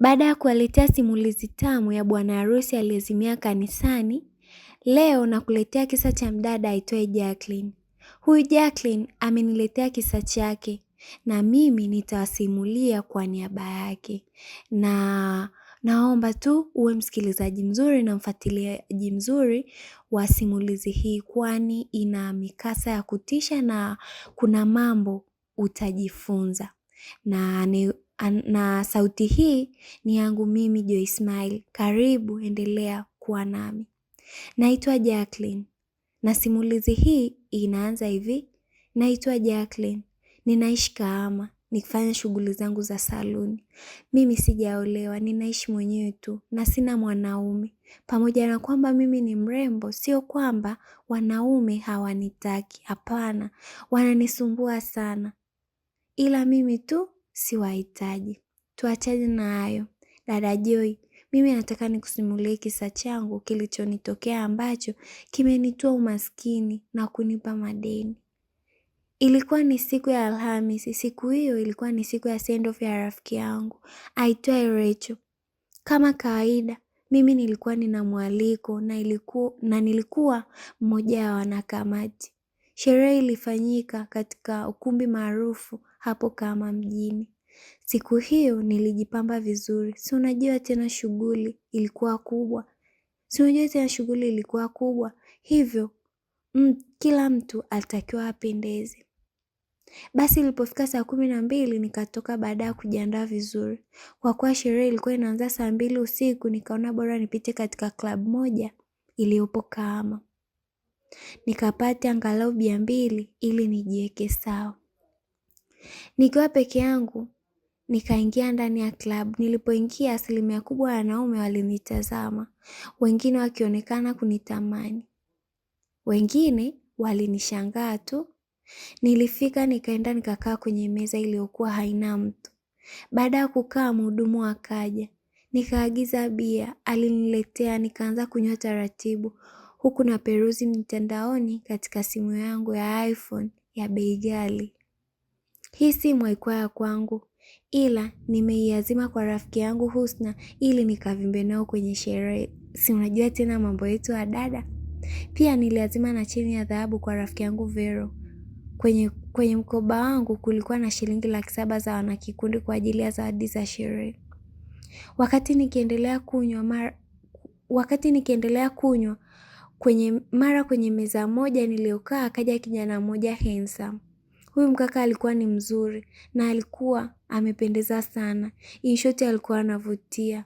Baada ya kuwaletea simulizi tamu ya bwana harusi aliyezimia kanisani, leo nakuletea kisa cha mdada aitwaye Jacqueline. Huyu Jacqueline ameniletea kisa chake na mimi nitawasimulia kwa niaba yake, na naomba tu uwe msikilizaji mzuri na mfuatiliaji mzuri wa simulizi hii, kwani ina mikasa ya kutisha na kuna mambo utajifunza na na sauti hii ni yangu mimi Joy Ismail. Karibu, endelea kuwa nami. Naitwa Jacqueline na simulizi hii inaanza hivi. Naitwa Jacqueline, ninaishi Kahama nikifanya shughuli zangu za saluni. Mimi sijaolewa, ninaishi mwenyewe tu na sina mwanaume. Pamoja na kwamba mimi ni mrembo, sio kwamba wanaume hawanitaki, hapana, wananisumbua sana, ila mimi tu si wahitaji. Tuachane na hayo. Dada Joy, mimi nataka nikusimulie kisa changu kilichonitokea ambacho kimenitoa umaskini na kunipa madeni. Ilikuwa ni siku ya Alhamisi. Siku hiyo ilikuwa ni siku ya send off ya rafiki yangu aitwaye Rachel. Kama kawaida, mimi nilikuwa nina mwaliko na ilikuwa, na nilikuwa mmoja ya wanakamati. Sherehe ilifanyika katika ukumbi maarufu hapo kama mjini. Siku hiyo nilijipamba vizuri, si unajua tena shughuli ilikuwa kubwa. Si unajua tena shughuli ilikuwa kubwa, hivyo kila mtu alitakiwa apendeze. Basi ilipofika saa kumi na mbili nikatoka baada ya kujiandaa vizuri. Kwa kuwa sherehe ilikuwa inaanza saa mbili usiku nikaona bora nipite katika klabu moja iliyopo Kahama. Nikapate angalau bia mbili ili nijiweke sawa. Nikiwa peke yangu Nikaingia ndani ya klabu. Nilipoingia asilimia kubwa ya wanaume walinitazama, wengine wakionekana kunitamani, wengine walinishangaa tu. Nilifika nikaenda nikakaa kwenye meza iliyokuwa haina mtu. Baada ya kukaa, mhudumu akaja, nikaagiza bia, aliniletea, nikaanza kunywa taratibu, huku na peruzi mitandaoni katika simu yangu ya iPhone ya bei ghali. Hii simu haikuwa ya kwangu, Ila nimeiazima kwa rafiki yangu Husna ili nikavimbe nao kwenye sherehe. Si unajua tena mambo yetu ya dada. Pia niliazima na cheni ya dhahabu kwa rafiki yangu Vero. Kwenye kwenye mkoba wangu kulikuwa na shilingi laki saba za wanakikundi kwa ajili ya zawadi za sherehe. Wakati nikiendelea kunywa wakati nikiendelea kunywa kwenye mara kwenye meza moja niliokaa akaja kijana mmoja handsome. Huyu mkaka alikuwa ni mzuri na alikuwa amependeza sana. inshoti alikuwa anavutia.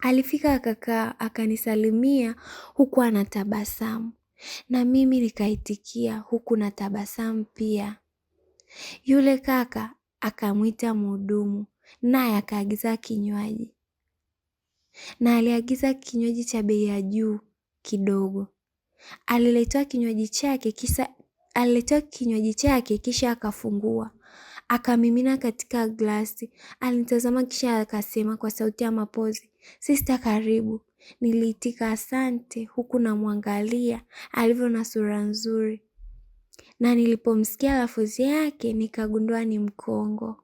Alifika akakaa akanisalimia huku anatabasamu na mimi nikaitikia huku na tabasamu pia. Yule kaka akamwita mhudumu naye akaagiza kinywaji na aliagiza kinywaji cha bei ya juu kidogo. Aliletewa kinywaji chake kisa alitoa kinywaji chake kisha akafungua akamimina katika glasi. Alinitazama kisha akasema kwa sauti ya mapozi, sista karibu. Niliitika asante, huku namwangalia alivyo na sura nzuri, na nilipomsikia lafuzi yake nikagundua ni Mkongo.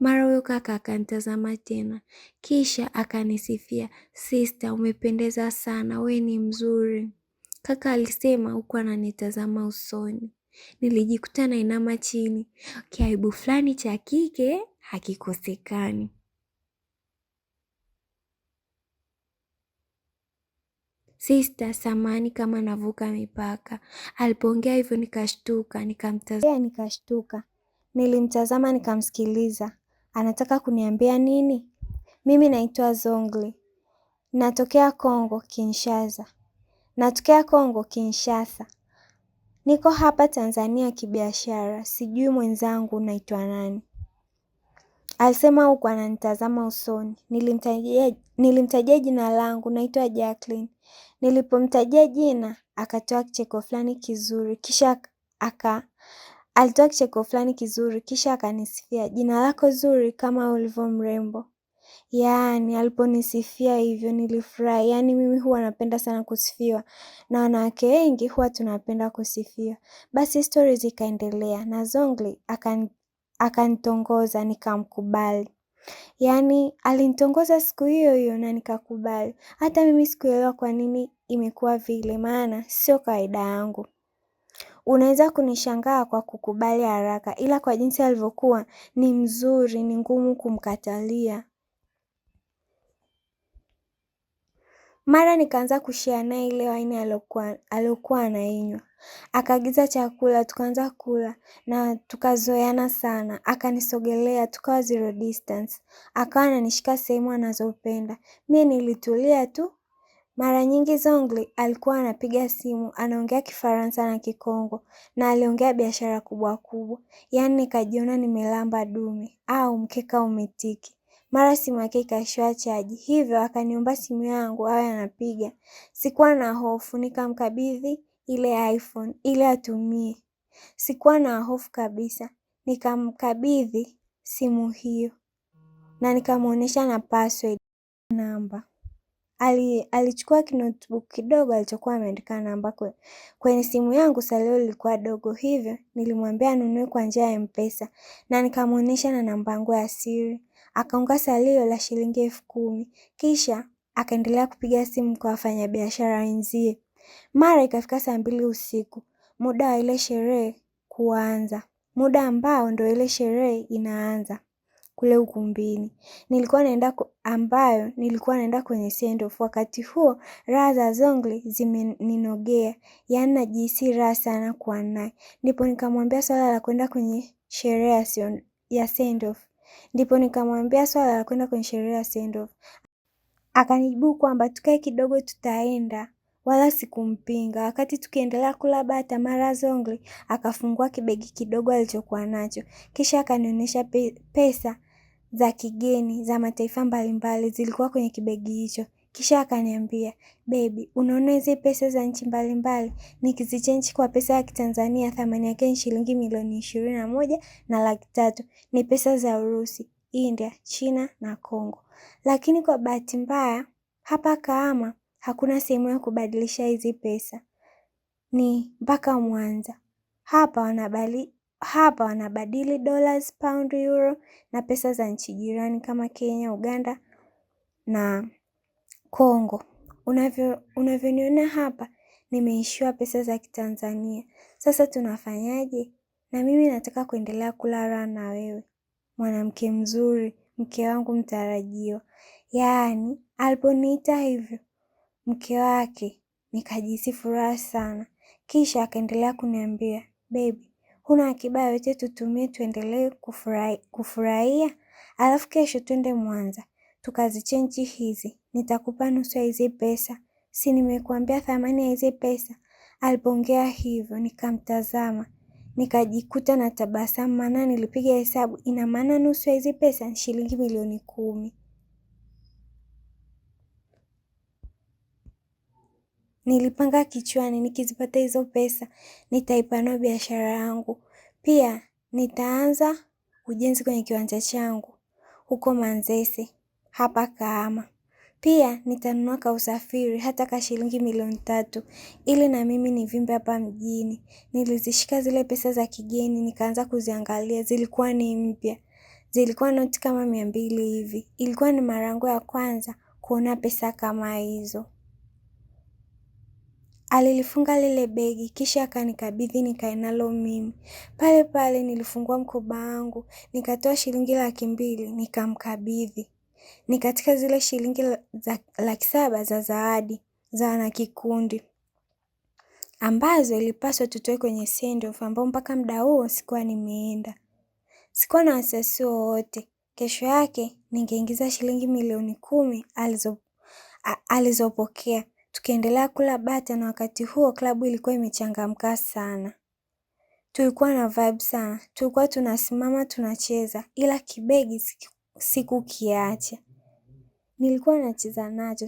Mara huyo kaka akanitazama tena, kisha akanisifia, sista, umependeza sana, we ni mzuri, kaka alisema huku ananitazama usoni. Nilijikuta nainama chini. Kiaibu fulani cha kike hakikosekani. Sista samani kama navuka mipaka. Alipoongea hivyo nikashtuka, nikamtazama. Nikashtuka. Nilimtazama nikamsikiliza. Anataka kuniambia nini? Mimi naitwa Zongli. Natokea Kongo Kinshasa. Natokea Kongo Kinshasa. Niko hapa Tanzania kibiashara, sijui mwenzangu naitwa nani. Alisema huku ananitazama usoni. Nilimtajia, nilimtajia jina langu, naitwa Jacqueline. Nilipomtajia jina, akatoa kicheko fulani kizuri, kisha aka alitoa kicheko fulani kizuri, kisha akanisifia, jina lako zuri kama ulivyo mrembo. Yaani aliponisifia hivyo nilifurahi. Yaani mimi huwa napenda sana kusifiwa. Na wanawake wengi huwa tunapenda kusifiwa. Basi stori zikaendelea na Zongli akanitongoza nikamkubali. Yaani alinitongoza siku hiyo hiyo na nikakubali. Hata mimi sikuelewa kwa nini imekuwa vile maana sio kawaida yangu. Unaweza kunishangaa kwa kukubali haraka ila kwa jinsi alivyokuwa ni mzuri ni ngumu kumkatalia. Mara nikaanza kushare naye ile waini aliyokuwa anainywa, akaagiza chakula tukaanza kula na tukazoeana sana. Akanisogelea tukawa zero distance, akawa ananishika sehemu anazopenda, Mimi nilitulia tu. Mara nyingi Zongli alikuwa anapiga simu anaongea Kifaransa na Kikongo na aliongea biashara kubwa kubwa, yaani nikajiona nimelamba dume au mkeka umetiki. Mara simu yake ikaishiwa chaji, hivyo akaniomba simu yangu awe anapiga. Sikuwa na hofu, nikamkabidhi ile iPhone ili atumie. Sikuwa na hofu kabisa, nikamkabidhi simu hiyo na nikamwonyesha na password namba. Ali, alichukua kinotebook kidogo alichokuwa ameandika namba kwe, kwenye simu yangu salio lilikuwa dogo, hivyo nilimwambia anunue kwa njia ya Mpesa na nikamwonyesha na namba yangu ya siri akaunga salio la shilingi elfu kumi kisha akaendelea kupiga simu kwa wafanyabiashara wenzie. Mara ikafika saa mbili usiku, muda wa ile sherehe kuanza, muda ambao ndo ile sherehe inaanza kule ukumbini. Nilikuwa naenda ambayo nilikuwa naenda kwenye sendoff. Wakati huo raha za zongli zimeninogea, yaani najihisi raha sana kuwa naye, ndipo nikamwambia swala la kwenda kwenye sherehe ya sendoff Ndipo nikamwambia swala la kwenda kwenye sherehe ya sendof akanijibu kwamba tukae kidogo tutaenda wala sikumpinga. Wakati tukiendelea kula bata, mara Zongli akafungua kibegi kidogo alichokuwa nacho, kisha akanionyesha pesa za kigeni za mataifa mbalimbali zilikuwa kwenye kibegi hicho. Kisha akaniambia, bebi, unaona hizi pesa za nchi mbalimbali nikizichenji kwa pesa ya Kitanzania thamani yake ni shilingi milioni ishirini na moja na laki tatu. Ni pesa za Urusi, India, China na Congo. Lakini kwa bahati mbaya hapa Kahama hakuna sehemu ya kubadilisha hizi pesa, ni mpaka Mwanza. Hapa wanabali hapa wanabadili dollars, pound, euro na pesa za nchi jirani kama Kenya, Uganda na Kongo. Unavyoniona hapa nimeishiwa pesa za kitanzania sasa tunafanyaje? Na mimi nataka kuendelea kula raha na wewe mwanamke mzuri, mke wangu mtarajiwa. Yaani aliponiita hivyo mke wake nikajihisi furaha sana, kisha akaendelea kuniambia bebi, huna akiba yoyote tutumie tuendelee kufurahia, alafu kesho twende Mwanza tukazichenji hizi nitakupa nusu ya hizi pesa, si nimekuambia thamani ya hizi pesa? Alipoongea hivyo nikamtazama, nikajikuta na tabasamu, maana nilipiga hesabu, ina maana nusu ya hizi pesa ni shilingi milioni kumi. Nilipanga kichwani, nikizipata hizo pesa nitaipanua biashara yangu, pia nitaanza ujenzi kwenye kiwanja changu huko Manzese hapa Kahama. Pia nitanunua ka usafiri hata ka shilingi milioni tatu ili na mimi nivimbe hapa mjini. Nilizishika zile pesa za kigeni nikaanza kuziangalia zilikuwa ni mpya. Zilikuwa noti kama mia mbili hivi. Ilikuwa ni mara yangu ya kwanza kuona pesa kama hizo. Alilifunga lile begi kisha akanikabidhi nikae nalo mimi. Pale pale nilifungua mkoba wangu nikatoa shilingi laki mbili nikamkabidhi ni katika zile shilingi laki saba za zawadi za wanakikundi ambazo ilipaswa tutoe kwenye sendof ambao mpaka muda huo sikuwa nimeenda. Sikuwa na wasiwasi wowote. Kesho yake ningeingiza shilingi milioni kumi alizo alizopokea tukiendelea kula bata, na wakati huo klabu ilikuwa imechangamka sana. Tulikuwa na vibe sana, tulikuwa tunasimama tunacheza, ila kibegi sikukiacha. Nilikuwa nacheza nacho,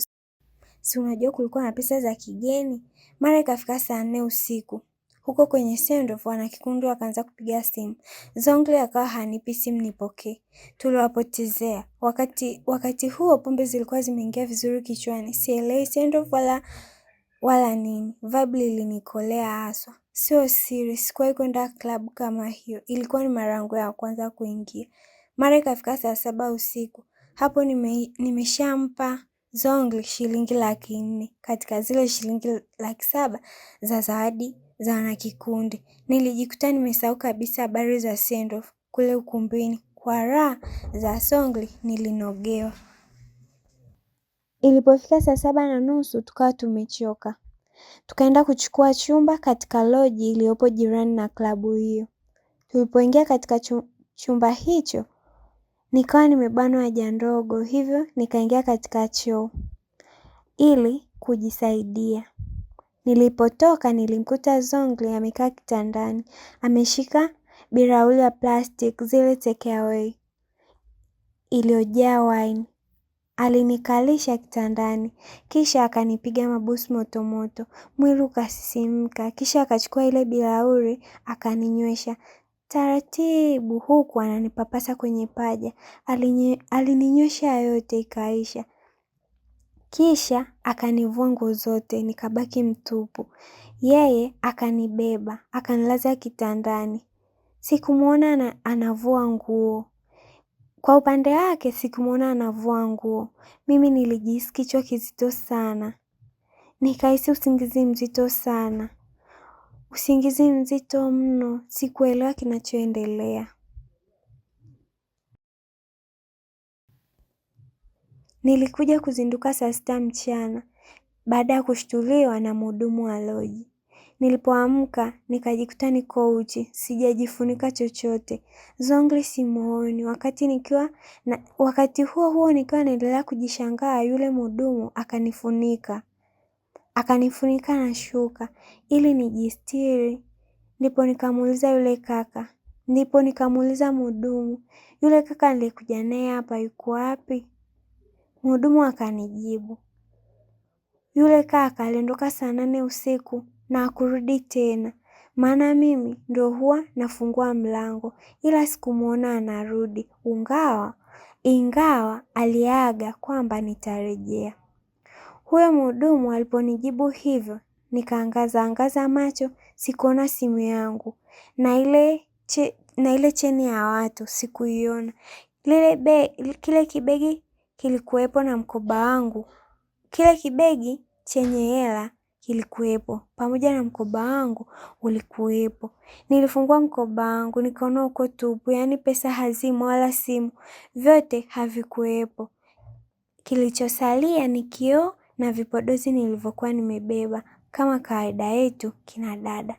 si unajua kulikuwa na pesa za kigeni. Mara ikafika saa nne usiku huko kwenye sendoff, kikundi wakaanza kupiga simu. Zongle akawa hanipi simu nipokee, tuliwapotezea wakati. Wakati huo pombe zilikuwa zimeingia vizuri kichwani, sielewi sendof wala wala nini. Vibe ilinikolea haswa, sio siri, sikuwahi kwenda klabu kama hiyo, ilikuwa ni mara yangu ya kwanza kuingia. Mara ikafika saa saba usiku, hapo nime, nimeshampa Zongli shilingi laki nne katika zile shilingi laki saba za zawadi za wanakikundi. Nilijikuta nimesahau kabisa habari za sendoff kule ukumbini. Kwa raha za Songli nilinogewa. Ilipofika saa saba na nusu tukawa tumechoka, tukaenda kuchukua chumba katika loji iliyopo jirani na klabu hiyo. Tulipoingia katika chumba hicho Nikawa nimebanwa haja ndogo, hivyo nikaingia katika choo ili kujisaidia. Nilipotoka nilimkuta Zongli amekaa kitandani, ameshika birauli ya plastic zile tekeawei iliyojaa wine. Alinikalisha kitandani, kisha akanipiga mabusu motomoto, mwili ukasisimka, kisha akachukua ile bilauri akaninywesha. Taratibu huku ananipapasa kwenye paja, alininywesha yote ikaisha. Kisha akanivua nguo zote nikabaki mtupu. Yeye akanibeba, akanilaza kitandani. Sikumwona anavua nguo. Kwa upande wake sikumwona anavua nguo. Mimi nilijihisi kichwa kizito sana. Nikahisi usingizi mzito sana. Usingizi mzito mno sikuelewa kinachoendelea Nilikuja kuzinduka saa sita mchana baada ya kushtuliwa na mhudumu wa loji. Nilipoamka nikajikuta niko uchi, sijajifunika chochote, zongli simuoni. Wakati nikiwa na wakati huo huo nikiwa naendelea kujishangaa, yule mhudumu akanifunika akanifunika na shuka ili nijistiri. Ndipo nikamuuliza yule kaka, ndipo nikamuuliza mhudumu, yule kaka nilikuja naye hapa yuko wapi? Mhudumu akanijibu, yule kaka aliondoka saa nane usiku na akurudi tena, maana mimi ndo huwa nafungua mlango, ila sikumwona anarudi, ungawa ingawa aliaga kwamba nitarejea. Huyo mhudumu aliponijibu hivyo, nikaangaza angaza macho, sikuona simu yangu. Na ile na ile cheni ya watu sikuiona. Lile kile kibegi kilikuwepo na mkoba wangu. Kile kibegi chenye hela kilikuwepo pamoja na mkoba wangu ulikuwepo. Nilifungua mkoba wangu nikaona uko tupu, yaani pesa hazimo wala simu, vyote havikuwepo. Kilichosalia ni kioo na vipodozi nilivyokuwa nimebeba kama kawaida yetu kina dada.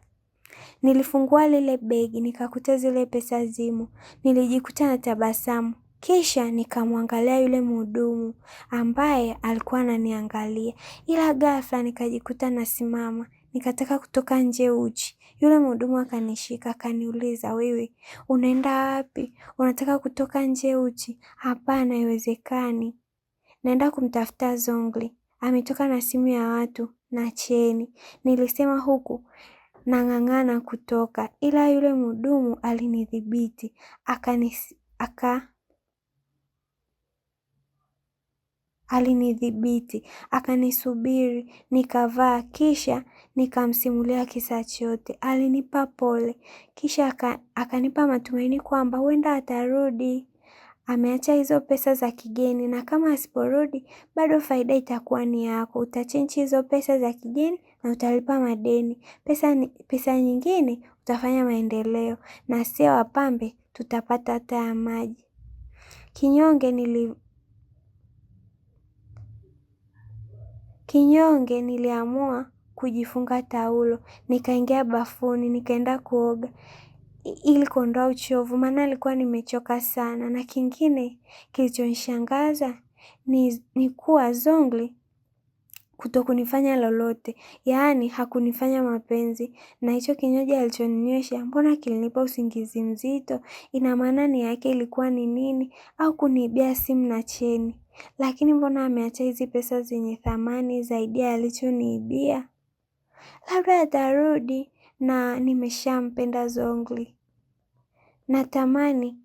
Nilifungua lile begi nikakuta zile pesa zimo. Nilijikuta na tabasamu, kisha nikamwangalia yule mhudumu ambaye alikuwa ananiangalia, ila ghafla nikajikuta nasimama, nikataka kutoka nje uchi. Yule mhudumu akanishika, akaniuliza, wewe unaenda wapi? Unataka kutoka nje uchi? Hapana, haiwezekani. Naenda kumtafuta Zongli ametoka na simu ya watu, na cheni nilisema huku nang'ang'ana kutoka, ila yule mhudumu alinidhibiti aka alinidhibiti akanisubiri, nikavaa, kisha nikamsimulia kisa chote. Alinipa pole, kisha akanipa matumaini kwamba huenda atarudi ameacha hizo pesa za kigeni na kama asiporudi bado faida itakuwa ni yako. Utachenji hizo pesa za kigeni na utalipa madeni. Pesa, pesa nyingine utafanya maendeleo na sio wapambe tutapata hata ya maji. Kinyonge nili Kinyonge niliamua kujifunga taulo, nikaingia bafuni, nikaenda kuoga ili kuondoa uchovu maana alikuwa nimechoka sana na kingine kilichonishangaza ni, ni kuwa Zongli kutokunifanya lolote yaani hakunifanya mapenzi na hicho kinywaji alichoninywesha mbona kilinipa usingizi mzito ina maana ni yake ilikuwa ni nini au kuniibia simu na cheni lakini mbona ameacha hizi pesa zenye thamani zaidi ya alichoniibia labda atarudi na nimeshampenda Zongli Natamani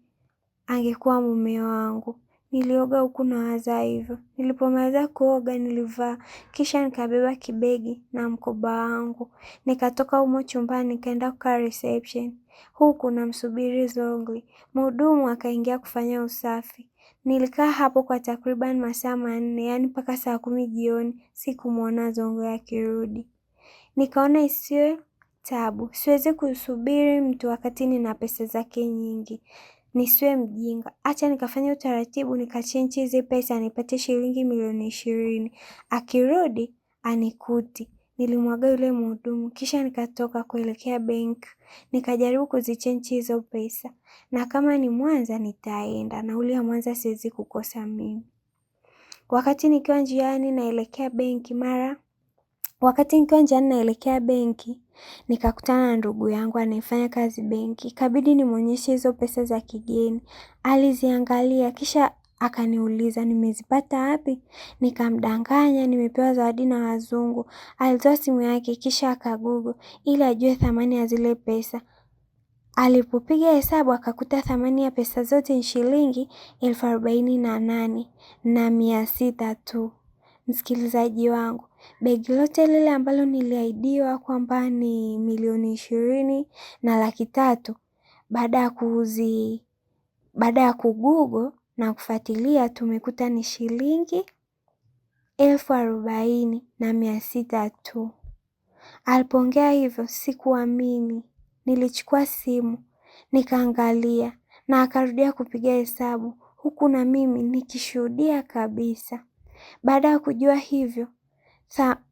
angekuwa mume wangu. Nilioga huku nawaza hivyo. Nilipomaliza kuoga nilivaa. Kisha nikabeba kibegi na mkoba wangu. Nikatoka humo chumbani nikaenda kukaa reception. Huku namsubiri Zogli. Mhudumu akaingia kufanya usafi. Nilikaa hapo kwa takriban masaa manne yaani mpaka saa kumi jioni sikumwona Zogli akirudi. Nikaona isiwe tabu. Siwezi kusubiri mtu wakati nina pesa zake nyingi. Nisiwe mjinga. Acha nikafanya utaratibu nikachenji hizi pesa nipate shilingi milioni ishirini. Akirudi anikuti Nilimwaga yule mhudumu kisha nikatoka kuelekea benki. Nikajaribu kuzichenji hizo pesa. Na kama ni Mwanza nitaenda. Nauli ya Mwanza siwezi kukosa mimi. Wakati nikiwa njiani naelekea benki mara Wakati nikiwa njiani naelekea benki, nikakutana na ndugu yangu anayefanya kazi benki. Ikabidi nimwonyeshe hizo pesa za kigeni. Aliziangalia kisha akaniuliza nimezipata wapi? Nikamdanganya nimepewa zawadi na wazungu. Alitoa simu yake kisha akagugu, ili ajue thamani ya zile pesa. Alipopiga hesabu akakuta thamani ya pesa zote ni shilingi elfu arobaini na nane na mia sita tu. Msikilizaji wangu, Begi lote lile ambalo niliahidiwa kwamba ni milioni ishirini na laki tatu baada ya kuuzi baada ya kugugo na kufuatilia tumekuta ni shilingi elfu arobaini na mia sita tu. Alipoongea hivyo sikuamini, nilichukua simu nikaangalia, na akarudia kupiga hesabu huku na mimi nikishuhudia kabisa. Baada ya kujua hivyo,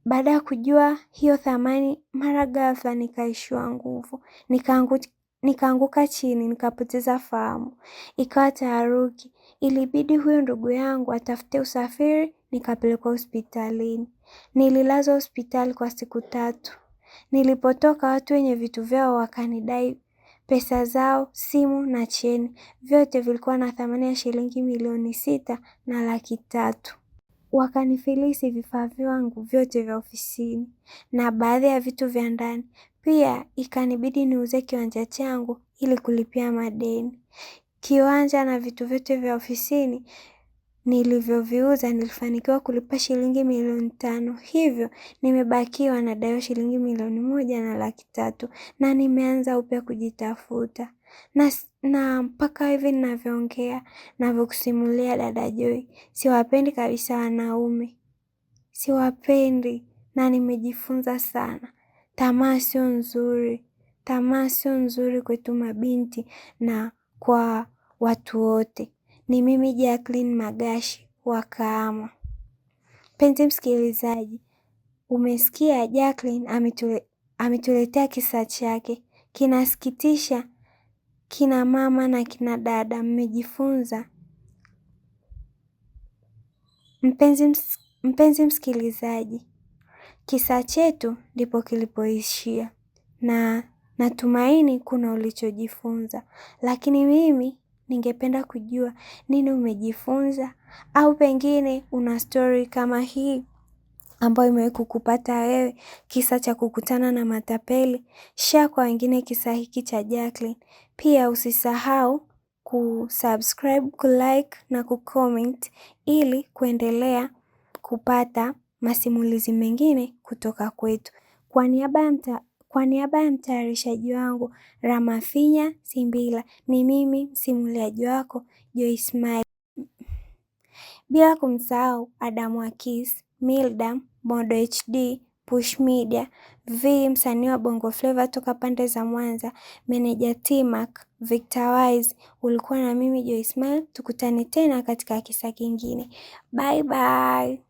baada ya kujua hiyo thamani, mara ghafla nikaishiwa nguvu, nikaanguka chini, nikapoteza fahamu, ikawa taharuki. Ilibidi huyo ndugu yangu atafute usafiri, nikapelekwa hospitalini. Nililazwa hospitali kwa siku tatu. Nilipotoka, watu wenye vitu vyao wakanidai pesa zao, simu na cheni, vyote vilikuwa na thamani ya shilingi milioni sita na laki tatu wakanifilisi vifaa vyangu vyote vya ofisini na baadhi ya vitu vya ndani. Pia ikanibidi niuze kiwanja changu ili kulipia madeni. Kiwanja na vitu vyote vya ofisini nilivyoviuza nilifanikiwa kulipa shilingi milioni tano, hivyo nimebakiwa na dai shilingi milioni moja na laki tatu na nimeanza upya kujitafuta na mpaka hivi ninavyoongea navyokusimulia dada Joy, siwapendi kabisa wanaume, siwapendi na nimejifunza sana. Tamaa sio nzuri, tamaa sio nzuri kwetu mabinti na kwa watu wote. Ni mimi Jacqueline Magashi wa Kahama. Mpenzi msikilizaji, umesikia Jacqueline ametuletea kisa chake, kinasikitisha Kina mama na kina dada mmejifunza? Mpenzi msikilizaji, kisa chetu ndipo kilipoishia, na natumaini kuna ulichojifunza, lakini mimi ningependa kujua nini umejifunza, au pengine una stori kama hii ambayo imewahi kukupata wewe, kisa cha kukutana na matapeli. Share kwa wengine kisa hiki cha Jacqueline. Pia usisahau kusubscribe, kulike na kucomment ili kuendelea kupata masimulizi mengine kutoka kwetu. Kwa niaba ya mtayarishaji wangu Ramafinya Simbila, ni mimi msimuliaji wako Joyce bila kumsahau Adamu Akis, Mildam Modo HD Push Media, V msanii wa Bongo Flava toka pande za Mwanza, Meneja T-Mac, Victor Wise. Ulikuwa na mimi Joyce Mail, tukutane tena katika kisa kingine. Bye bye.